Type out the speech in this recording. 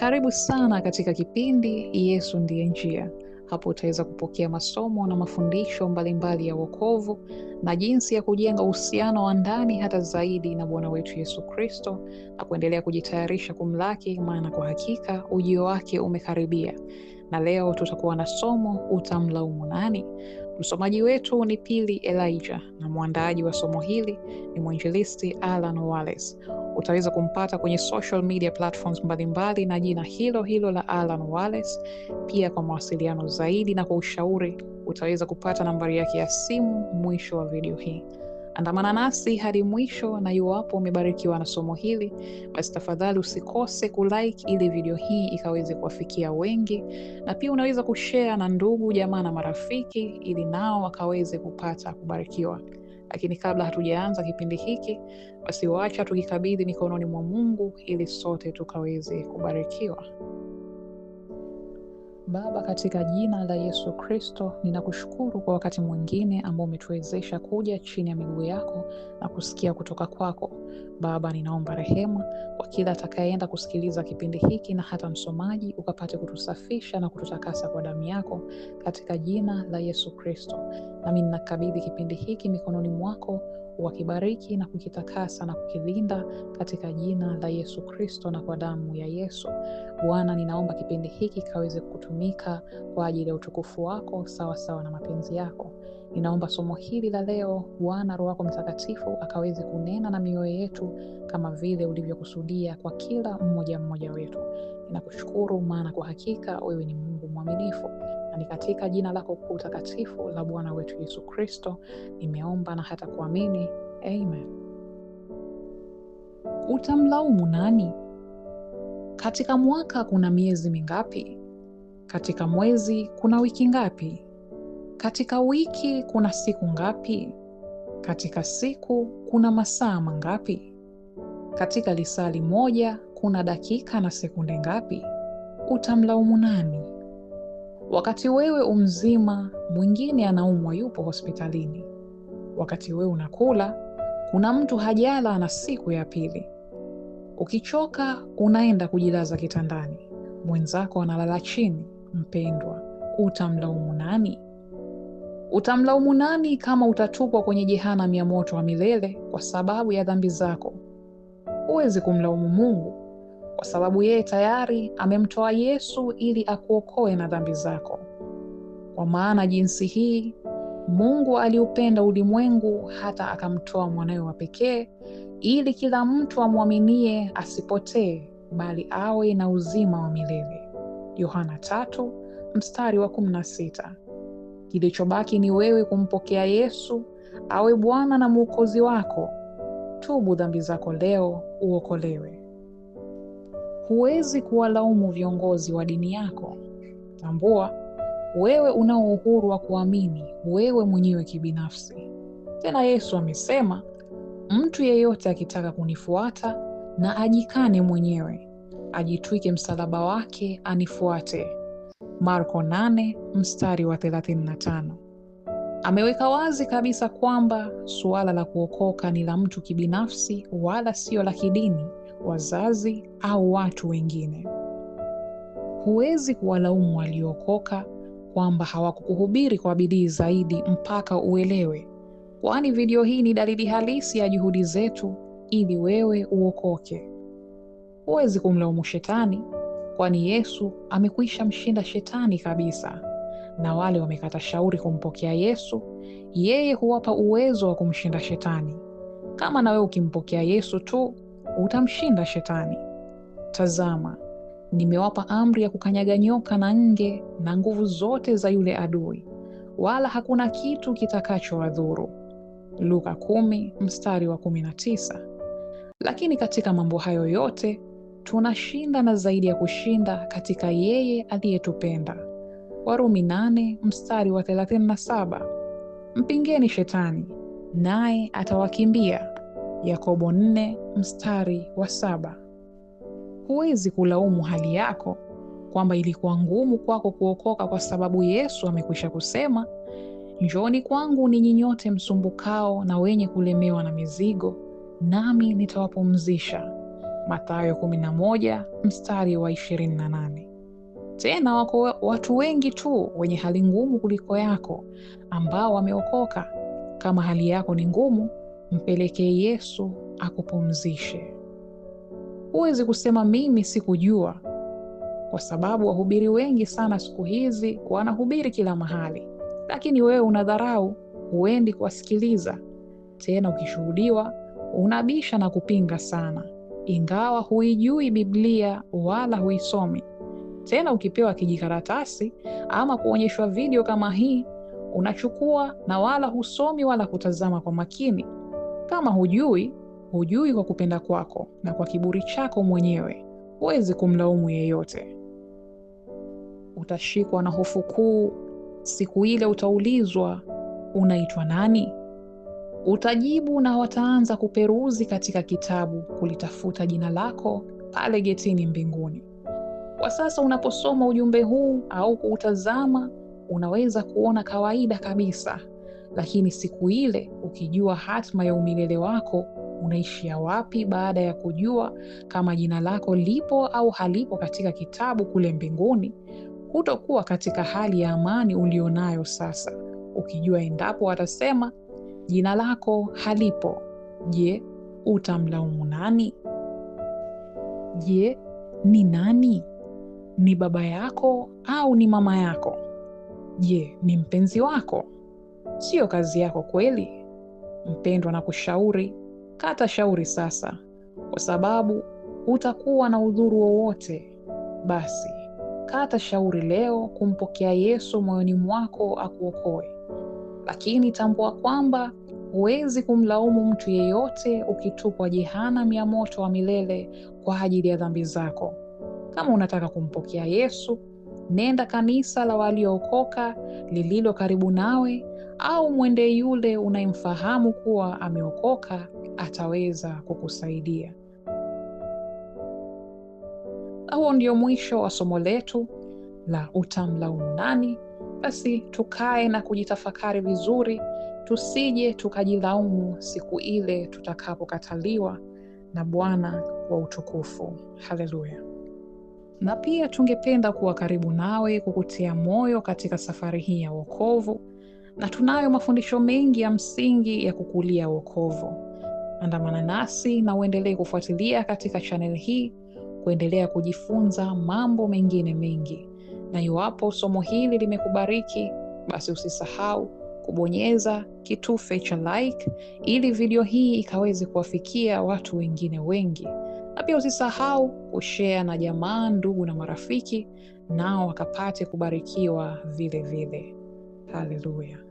Karibu sana katika kipindi Yesu Ndiye Njia. Hapo utaweza kupokea masomo na mafundisho mbalimbali ya uokovu na jinsi ya kujenga uhusiano wa ndani hata zaidi na Bwana wetu Yesu Kristo na kuendelea kujitayarisha kumlaki, maana kwa hakika ujio wake umekaribia. Na leo tutakuwa na somo utamlaumu nani? Msomaji wetu ni Pili Elijah na mwandaaji wa somo hili ni mwinjilisti Alan Wallace. Utaweza kumpata kwenye social media platforms mbalimbali na jina hilo hilo la Alan Wallace. Pia kwa mawasiliano zaidi na kwa ushauri, utaweza kupata nambari yake ya simu mwisho wa video hii. Andamana nasi hadi mwisho, na iwapo umebarikiwa na somo hili, basi tafadhali usikose kulike ili video hii ikaweze kuwafikia wengi, na pia unaweza kushea na ndugu jamaa na marafiki ili nao wakaweze kupata kubarikiwa. Lakini kabla hatujaanza kipindi hiki, basi wacha tukikabidhi mikononi mwa Mungu ili sote tukaweze kubarikiwa. Baba, katika jina la Yesu Kristo, ninakushukuru kwa wakati mwingine ambao umetuwezesha kuja chini ya miguu yako na kusikia kutoka kwako. Baba, ninaomba rehema kwa kila atakayeenda kusikiliza kipindi hiki na hata msomaji, ukapate kutusafisha na kututakasa kwa damu yako katika jina la Yesu Kristo. Nami ninakabidhi kipindi hiki mikononi mwako wakibariki na kukitakasa na kukilinda katika jina la Yesu Kristo na kwa damu ya Yesu. Bwana, ninaomba kipindi hiki kaweze kutumika kwa ajili ya utukufu wako sawasawa sawa na mapenzi yako. Ninaomba somo hili la leo, Bwana Roho wako Mtakatifu akaweze kunena na mioyo yetu kama vile ulivyokusudia kwa kila mmoja mmoja wetu. Ninakushukuru maana kwa hakika wewe ni Mungu mwaminifu na ni katika jina lako kuu takatifu la Bwana wetu Yesu Kristo nimeomba na hata kuamini, amen. Utamlaumu nani? Katika mwaka kuna miezi mingapi? Katika mwezi kuna wiki ngapi? Katika wiki kuna siku ngapi? Katika siku kuna masaa mangapi? Katika lisali moja kuna dakika na sekunde ngapi? Utamlaumu nani? Wakati wewe umzima, mwingine anaumwa, yupo hospitalini. Wakati wewe unakula, kuna mtu hajala, na siku ya pili. Ukichoka unaenda kujilaza kitandani, mwenzako analala chini. Mpendwa, utamlaumu nani? Utamlaumu nani kama utatupwa kwenye jehanam ya moto wa milele kwa sababu ya dhambi zako? Huwezi kumlaumu Mungu kwa sababu yeye tayari amemtoa Yesu ili akuokoe na dhambi zako. Kwa maana jinsi hii Mungu aliupenda ulimwengu hata akamtoa mwanawe wa pekee, ili kila mtu amwaminie asipotee, bali awe na uzima wa milele. Yohana tatu mstari wa kumi na sita. Kilichobaki ni wewe kumpokea Yesu awe Bwana na Mwokozi wako. Tubu dhambi zako leo uokolewe. Huwezi kuwalaumu viongozi wa dini yako. Tambua wewe unao uhuru wa kuamini wewe mwenyewe kibinafsi. Tena Yesu amesema, mtu yeyote akitaka kunifuata na ajikane mwenyewe, ajitwike msalaba wake anifuate. Marko 8 mstari wa 35. Ameweka wazi kabisa kwamba suala la kuokoka ni la mtu kibinafsi, wala sio la kidini wazazi au watu wengine. Huwezi kuwalaumu waliookoka kwamba hawakukuhubiri kwa bidii zaidi mpaka uelewe, kwani video hii ni dalili halisi ya juhudi zetu ili wewe uokoke. Huwezi kumlaumu shetani, kwani Yesu amekwisha mshinda shetani kabisa, na wale wamekata shauri kumpokea Yesu, yeye huwapa uwezo wa kumshinda shetani. Kama nawe ukimpokea Yesu tu utamshinda shetani. Tazama, nimewapa amri ya kukanyaga nyoka na nge na nguvu zote za yule adui, wala hakuna kitu kitakachowadhuru. Luka kumi, mstari wa 19. Lakini katika mambo hayo yote tunashinda na zaidi ya kushinda katika yeye aliyetupenda. Warumi nane, mstari wa 37. Mpingeni shetani naye atawakimbia. Yakobo 4 mstari wa saba. Huwezi kulaumu hali yako kwamba ilikuwa ngumu kwako kuokoka kwa sababu Yesu amekwisha kusema, njooni kwangu ninyi nyote msumbukao na wenye kulemewa na mizigo, nami nitawapumzisha. Mathayo 11 mstari wa 28. Tena wako watu wengi tu wenye hali ngumu kuliko yako ambao wameokoka. Kama hali yako ni ngumu, mpelekee Yesu akupumzishe. Huwezi kusema mimi sikujua, kwa sababu wahubiri wengi sana siku hizi wanahubiri kila mahali, lakini wewe unadharau, huendi kuwasikiliza. Tena ukishuhudiwa unabisha na kupinga sana, ingawa huijui Biblia wala huisomi. Tena ukipewa kijikaratasi ama kuonyeshwa video kama hii unachukua na wala husomi wala kutazama kwa makini. Kama hujui, hujui kwa kupenda kwako na kwa kiburi chako mwenyewe, huwezi kumlaumu yeyote. Utashikwa na hofu kuu. Siku ile utaulizwa unaitwa nani, utajibu na wataanza kuperuzi katika kitabu kulitafuta jina lako pale getini mbinguni. Kwa sasa unaposoma ujumbe huu au kuutazama, unaweza kuona kawaida kabisa lakini siku ile ukijua hatma ya umilele wako unaishia wapi, baada ya kujua kama jina lako lipo au halipo katika kitabu kule mbinguni, hutokuwa katika hali ya amani ulionayo sasa, ukijua endapo watasema jina lako halipo. Je, utamlaumu nani? Je, ni nani? Ni baba yako au ni mama yako? Je, ni mpenzi wako siyo kazi yako kweli? Mpendwa, na kushauri kata shauri sasa, kwa sababu hutakuwa na udhuru wowote. Basi kata shauri leo kumpokea Yesu moyoni mwako akuokoe, lakini tambua kwamba huwezi kumlaumu mtu yeyote ukitupwa jehanam ya moto wa milele kwa ajili ya dhambi zako. Kama unataka kumpokea Yesu Nenda kanisa la waliookoka lililo karibu nawe, au mwende yule unayemfahamu kuwa ameokoka, ataweza kukusaidia. Na huo ndio mwisho wa somo letu la utamlaumu nani? Basi tukae na kujitafakari vizuri, tusije tukajilaumu siku ile tutakapokataliwa na Bwana wa utukufu. Haleluya! na pia tungependa kuwa karibu nawe kukutia moyo katika safari hii ya wokovu, na tunayo mafundisho mengi ya msingi ya kukulia wokovu. Andamana nasi na uendelee kufuatilia katika chanel hii kuendelea kujifunza mambo mengine mengi, na iwapo somo hili limekubariki, basi usisahau kubonyeza kitufe cha like ili video hii ikaweze kuwafikia watu wengine wengi na pia usisahau kushea na jamaa, ndugu na marafiki, nao wakapate kubarikiwa vile vile. Haleluya!